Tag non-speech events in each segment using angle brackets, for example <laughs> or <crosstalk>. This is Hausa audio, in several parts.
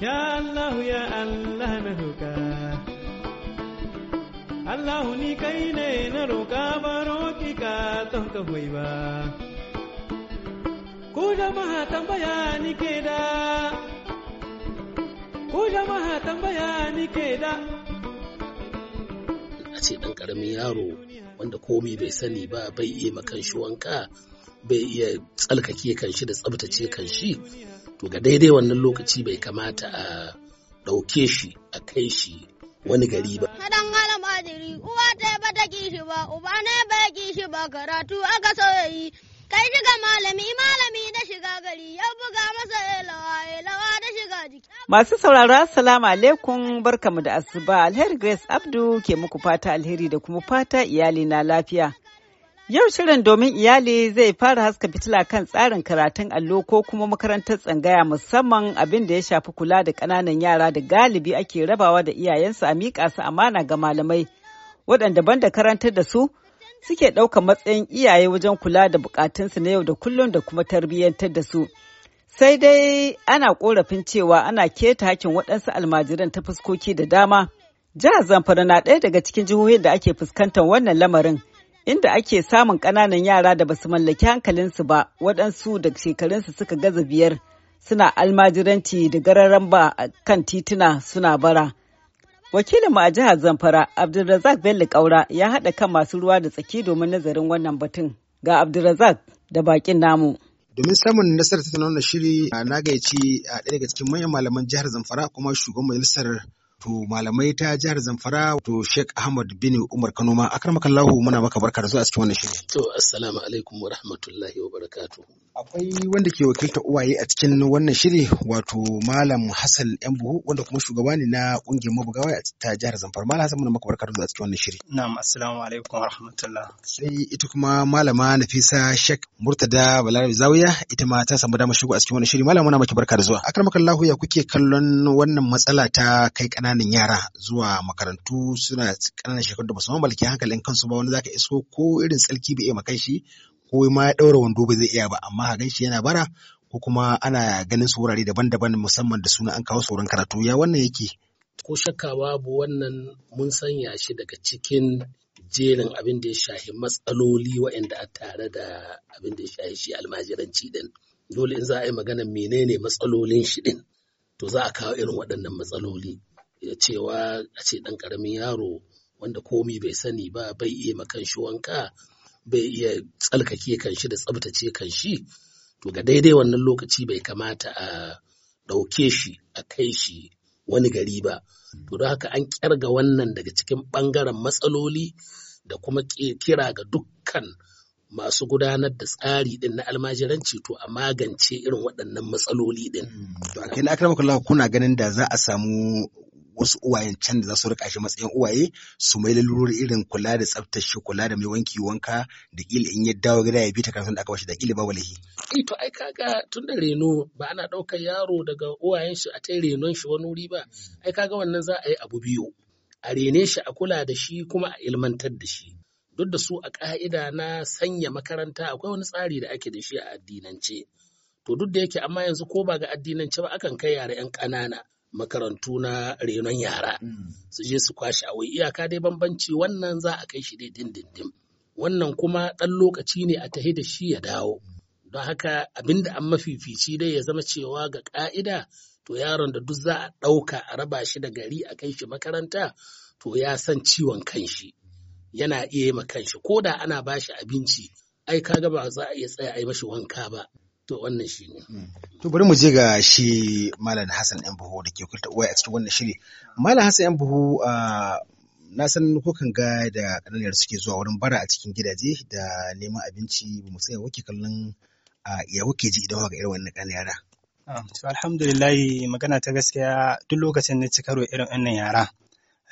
Ya Allah ya Allah na roƙa Allah ni kai ne na roƙa ba, roƙi ka ton ka ba Ku jama'a tambaya ni ke da Ku jama'a tambaya ni ke da A ce ɗan ƙaramin yaro wanda komai bai sani ba bai iya makan shi wanka bai iya tsalkake kan shi da tsabtace kan shi to ga daidai wannan lokaci bai kamata a ɗauke shi a kai shi wani gari ba. Hadan malam uwa ta ba ta kishi ba uba ne ba kishi ba karatu aka yi. kai shiga malami malami da shiga gari ya buga masa elawa elawa da shiga jiki. Masu sauraro assalamu alaikum barkamu da asuba alheri Grace Abdu ke muku fata alheri da kuma fata iyali na lafiya. Yau shirin domin iyali zai fara haska fitila kan tsarin karatun allo ko kuma makarantar tsangaya musamman abin da ya shafi kula da ƙananan yara da galibi ake rabawa da iyayensu a miƙa su amana ga malamai waɗanda banda karantar da su suke ɗaukar matsayin iyaye wajen kula da buƙatunsu na yau da kullum da kuma tarbiyyantar da su. Sai dai ana ƙorafin cewa ana keta hakin waɗansu almajiran ta fuskoki da dama. Jihar Zamfara na ɗaya daga cikin jihohin da ake fuskantar wannan lamarin. inda ake samun ƙananan yara da basu mallaki hankalinsu ba waɗansu da shekarunsu suka gaza biyar suna almajiranci da gararan ba kan tituna suna bara. Wakilin a jihar Zamfara, Abdulrazak Bello Kaura ya haɗa kan masu ruwa da tsaki domin nazarin wannan batun. Ga Abdulrazak da bakin namu. domin samun nasarar tattalin wannan shiri na gayyaci a ɗaya daga cikin manyan malaman jihar zamfara kuma shugaban majalisar to malamai ta jihar Zamfara to Sheikh Ahmad bin Umar Kanoma lahu muna maka barka da zuwa cikin wannan shirin to assalamu alaikum wa rahmatullahi wa barakatuh akwai wanda ke wakilta uwaye a cikin wannan shiri wato malam Hassan buhu wanda kuma shugaba ne na kungiyar mabugawa ta jihar Zamfara malam Hassan muna maka barka da zuwa cikin wannan shiri na'am assalamu alaikum wa rahmatullah sai ita kuma malama Nafisa Sheikh Murtada Balarabi Zawiya ita ma ta samu damar shigo a cikin wannan shiri malam muna maki barka da zuwa lahu ya kuke kallon wannan matsala ta kai kana ƙananan yara zuwa makarantu suna ƙananan shekaru da ba su hankali hankalin kansu ba wani zaka isko ko irin tsalki bai iya makai shi ko ma ya ɗaura wando bai zai iya ba amma ka shi yana bara ko kuma ana ganin su wurare daban-daban musamman da suna an kawo sauran karatu ya wannan yake. Ko shakka babu wannan mun sanya shi daga cikin jerin abin da ya shahi matsaloli waɗanda a tare da abin da ya shahi shi almajiranci din. Dole in za a yi magana menene matsalolin shi din. to za a kawo irin waɗannan matsaloli cewa a ce ɗan ƙaramin yaro wanda komi bai sani ba bai iya makan shi wanka bai iya tsalkake kan shi da tsabtace kan shi to ga daidai wannan lokaci bai kamata a ɗauke shi a kai shi wani gari ba to don haka an ƙyarga wannan daga cikin ɓangaren matsaloli da kuma kira ga dukkan masu gudanar da tsari din na almajiranci to a magance irin waɗannan matsaloli din. Hmm. To a kuna ganin da za a samu wasu uwayen can da za su rika shi matsayin uwaye su mai lalurori irin kula da tsaftar kula da mai wanki wanka da ƙila in ya dawo gida ya bi ta kafin da aka bashi da kila babu lahi. Eh to ai kaga tun da reno ba ana ɗaukar yaro daga uwayen shi a ta renon shi wani wuri ba mm. ai kaga wannan za a yi abu biyu a rene shi a kula da shi kuma a ilmantar da shi. Duk da su a ƙa'ida na sanya makaranta akwai wani tsari da ake da shi a addinance. To duk da yake amma yanzu ko ba ga addinance ba akan kai yara 'yan ƙanana makarantu na renon yara mm. su je su kwashe awai iyaka dai bambanci wannan za a kai shi dai dindindin wannan kuma ɗan lokaci ne a tahi da shi ya dawo don haka abinda an mafifici dai ya zama cewa ga ƙa'ida to yaron da duk za a ɗauka a raba shi da gari a kai shi makaranta to ya san ciwon kanshi yana iya yi ma kanshi ko da ana ba shi abinci ai kaga ba za a iya tsaya a yi mashi wanka ba to wannan shi ne. Hmm. To bari mu je ga shi Malam Hassan ɗan buhu da ke kulta uwa a cikin wannan shiri. Malam Hassan ɗan buhu ah, na san kukan ga da ƙananan suke zuwa wurin bara a cikin gidaje da neman abinci ba mu tsaya wake kallon ah, ya wake ji idan haka irin wannan ƙananan yara. Ah, to alhamdulillah magana ta gaskiya duk lokacin na ci karo irin wannan yara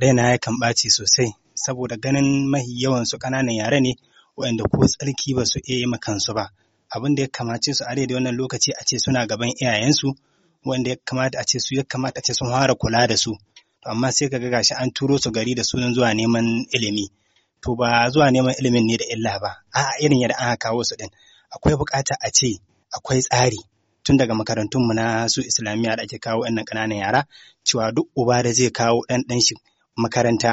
raina ya kan ɓaci sosai saboda ganin mahi yawan su ƙananan yare ne waɗanda ko tsarki ba su iya yi kansu ba. abin da ya kamace su are da wannan lokaci a ce suna gaban iyayensu wanda ya kamata a ce su ya kamata a ce sun fara kula da su to amma sai ka ga gashi an turo su gari da sunan zuwa neman ilimi to ba zuwa neman ilimin ne da illa ba a irin yadda aka kawo su din akwai bukata a ce akwai tsari tun daga makarantun mu na su islamiyya da ake kawo 'yan ƙananan yara cewa duk uba da zai kawo ɗan ɗan shi makaranta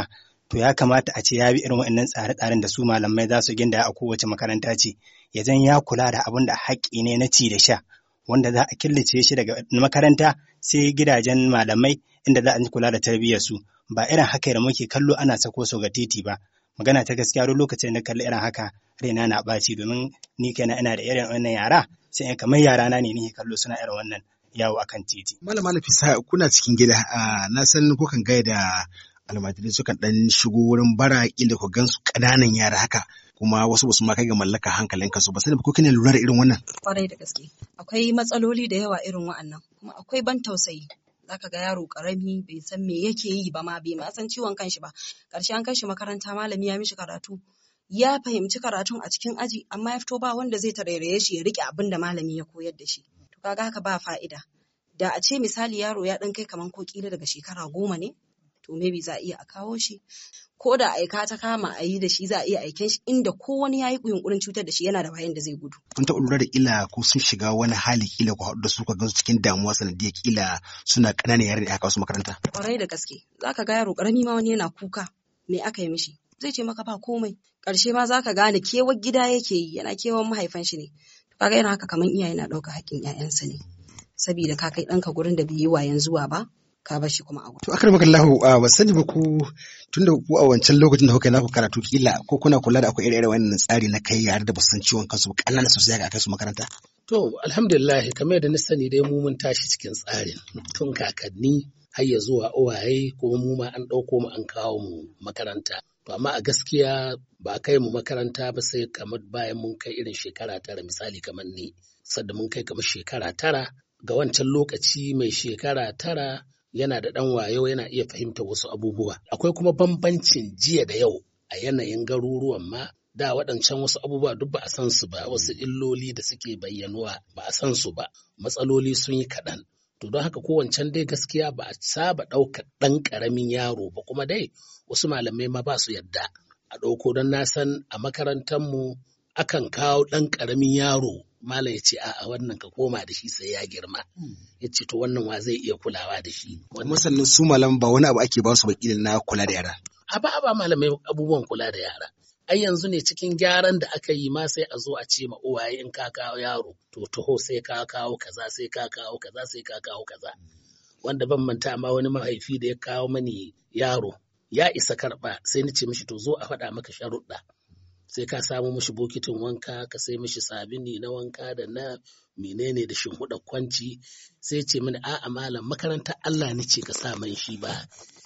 to ya kamata a ce ya bi irin waɗannan tsare-tsaren da su malamai za su gindaya a kowace makaranta ce ya zan ya kula da abin da haƙƙi ne na ci da sha wanda za a killace shi daga makaranta sai gidajen malamai inda za a kula da tarbiyyar su ba irin haka da muke kallo ana sako su ga titi ba magana ta gaskiya duk lokacin da kalli irin haka raina na ɓaci domin ni kenan ina da irin wannan yara sai in kamar yara na ne nake kallo suna irin wannan yawo akan titi. Malama Alifisa kuna cikin gida na san kukan gaida almajirai sukan ɗan shigo wurin bara da ku gansu kananan yara haka kuma wasu basu ma kai ga mallaka hankalin su ba sai ko kina lura da irin wannan kwarai da gaske akwai matsaloli da yawa irin wa'annan kuma akwai ban tausayi zaka ga yaro karami bai san me yake yi ba ma bai ma san ciwon kanshi ba karshe an kai shi makaranta malami ya mishi karatu ya fahimci karatun a cikin aji amma ya fito ba wanda zai tarairaye shi ya rike abin da malami ya koyar da shi to kaga haka ba fa'ida da a ce misali yaro ya dan kai kaman ko kila daga shekara goma ne to maybe za a iya a kawo shi ko da aika ta kama a yi da shi za a iya aiken shi inda ko wani ya yi yunkurin cutar da shi yana da bayan da zai gudu. An taɓa lura da ila ko sun shiga wani hali kila ko da su ka gansu cikin damuwa sanadiyar kila suna ƙananan yaran da aka wasu makaranta. Kwarai da gaske za ka ga yaro ƙarami ma wani yana kuka me aka yi mishi zai ce maka ba komai ƙarshe ma za ka gane kewar gida yake yi yana kewar mahaifan shi ne. Kaga yana haka kamar iyaye na ɗauka haƙƙin 'ya'yansa ne. Sabida ka kai ɗanka gurin da bai yi wayan zuwa ba ka bashi kuma a To akar maka lahu ba sani ba ku tun da ku a wancan lokacin da kuka naku karatu kila ko kuna kula da akwai irin wannan tsari na kai yare da basu ciwon kansu ba kallana sosai ga su makaranta. To alhamdulillah kamar yadda na sani dai mu mun tashi cikin tsarin tun kakanni har ya zuwa uwaye kuma mu ma an ɗauko mu an kawo mu makaranta. To amma a gaskiya ba a kai mu makaranta ba sai kamar bayan mun kai irin shekara tara misali kamar ni sadda mun kai kamar shekara tara ga wancan lokaci mai shekara tara yana da ɗan wayo yana iya fahimta wasu abubuwa. Akwai kuma bambancin jiya da yau a yanayin garuruwan ma da waɗancan wasu abubuwa duk ba a san su ba wasu illoli da suke bayyanuwa ba a san su ba matsaloli sun yi kaɗan. To don haka kowancan dai gaskiya ba a saba ɗaukar ɗan ƙaramin yaro ba kuma dai wasu malamai ma ba su yadda a ɗauko don na san a makarantar mu akan kawo ɗan ƙaramin yaro malam ya ce a wannan ka koma da shi sai ya girma hmm. ya ce to wannan wa zai iya kulawa da shi masannin su malam ba wani abu ake ba su bakilin na kula da yara a ba ba malamai abubuwan kula da yara ai yanzu ne cikin gyaran da aka yi ma sai a zo a ce ma uwaye in ka kawo yaro to taho sai ka kawo kaza sai ka kawo kaza sai ka kawo kaza wanda ban manta ma wani mahaifi da ya kawo mani yaro ya isa karɓa, sai ni ce mishi to zo a faɗa maka sharuɗa sai ka samo mishi bokitin wanka ka sai mishi sabini na wanka da na menene da shimfiɗa kwanci sai ce mini a'a malam makarantar Allah ni ce ka sa man shi ba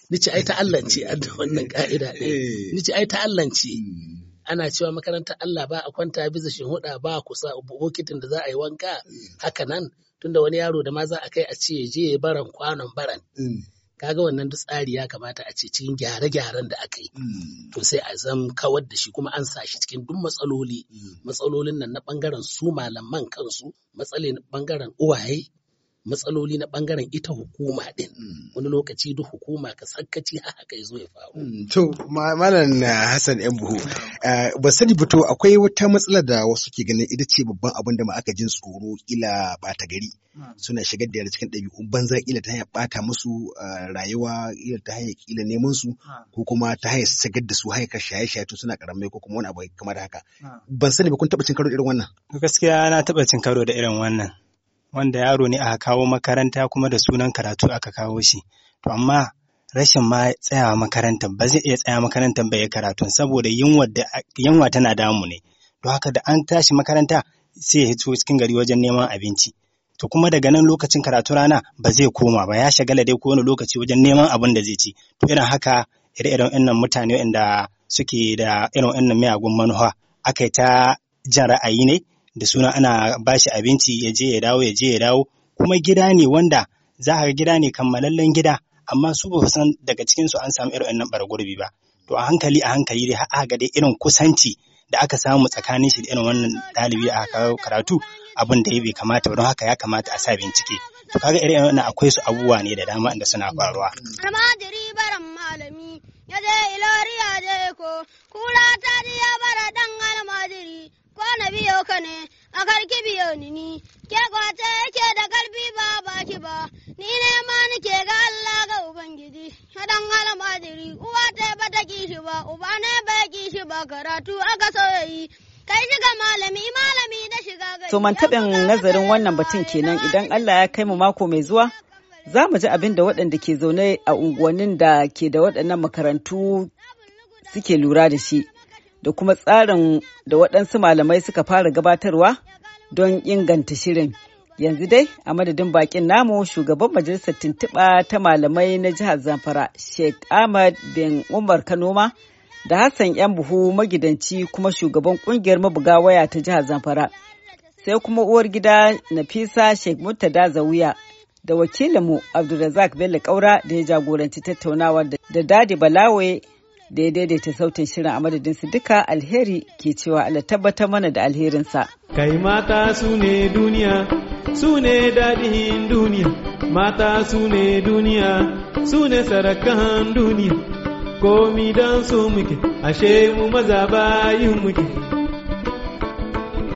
ni ce ai ta Allah ce a da wannan ka'ida <laughs> ɗin eh. ni ce ai ta Allah ce hmm. ana cewa makarantar Allah ba a kwanta biza shimfiɗa ba ku sa bokitin da za a yi wanka eh. haka nan tunda wani yaro da ma za a kai a ce je baran kwanon baran. Hmm. kaga wannan duk tsari ya kamata a ce cikin gyare-gyaren da aka yi mm. to sai a zan kawar da shi kuma an sa shi cikin duk matsaloli mm. matsalolin nan na bangaren su malaman kansu matsalin bangaren uwaye matsaloli na bangaren ita hukuma din mm. wani lokaci duk hukuma ka sakkaci haka ya zo ya faru. Mm, to malam uh, Hassan yan buhu uh, ba sani fito akwai wata matsala da wasu ke ganin ita ce babban abin da ma aka jin tsoro ila bata gari mm. suna shigar da cikin ɗabi'u, banza ila ta hanyar bata musu uh, rayuwa ila ta hanyar ila neman su ko kuma ta hanyar sagar da su haika shaye shaye to suna karamai ko kuma wani abu kamar haka. Ban sani ba kun taɓa cin karo irin wannan. Gaskiya na taɓa cin karo da irin wannan. wanda yaro ne aka kawo makaranta kuma da sunan karatu aka kawo shi to amma rashin ma tsayawa makarantar ba zai iya tsaya makarantar bai ya karatu saboda yunwa tana damu ne to haka da an tashi makaranta sai ya hito cikin gari wajen neman abinci to kuma daga nan lokacin karatu rana ba zai koma ba ya shagala dai wani lokaci wajen neman abin da zai ci to irin haka ire-iren wannan mutane wanda suke da irin wannan miyagun manufa aka ta jan ra'ayi ne da suna ana bashi abinci ya je ya dawo ya je ya dawo kuma gida ne wanda za ka gida ne kammalallen gida amma su ba san daga cikin su an samu irin wannan gurbi ba to a hankali a hankali dai har ga dai irin kusanci da aka samu tsakanin shi da irin wannan ɗalibi a karatu abin da bai kamata ba don haka ya kamata a sa bincike to kaga irin wannan akwai su abubuwa ne da dama inda suna faruwa kama diribaran malami ya je ya je ko Kula ta ji ya bara dan almajiri na biyo ka ne a karki biyo ni ni ke kwace yake da karfi ba baki ba ni ne ma ke ga Allah ga ubangiji hadan almajiri uwa ta ba ta kishi ba uba ne bai kishi ba karatu aka soyayi kai shiga malami malami da shiga gari to man taɓin nazarin wannan batun kenan idan Allah ya kai mu mako mai zuwa za mu ji abin da waɗanda ke zaune a unguwannin da ke da waɗannan makarantu suke lura da shi da kuma tsarin da waɗansu malamai suka fara gabatarwa don inganta shirin. Yanzu dai a madadin bakin namu shugaban majalisar tuntuɓa ta malamai na jihar Zamfara Sheikh Ahmad bin Umar Kanoma da Hassan yan buhu magidanci kuma shugaban kungiyar mabuga waya ta jihar Zamfara. Sai kuma uwar gida Nafisa Sheikh Murtada Zawiya da wakilinmu Abdulrazak Bello Kaura da ya jagoranci tattaunawar da Dadi Balawe da ya sautin shirin a madadin su duka alheri ke cewa Allah tabbatar mana da alherinsa. Kai mata su ne duniya, su ne daɗin duniya, mata su ne duniya, su ne sarakan duniya, komi don su muke, ashe mu maza bayin muke.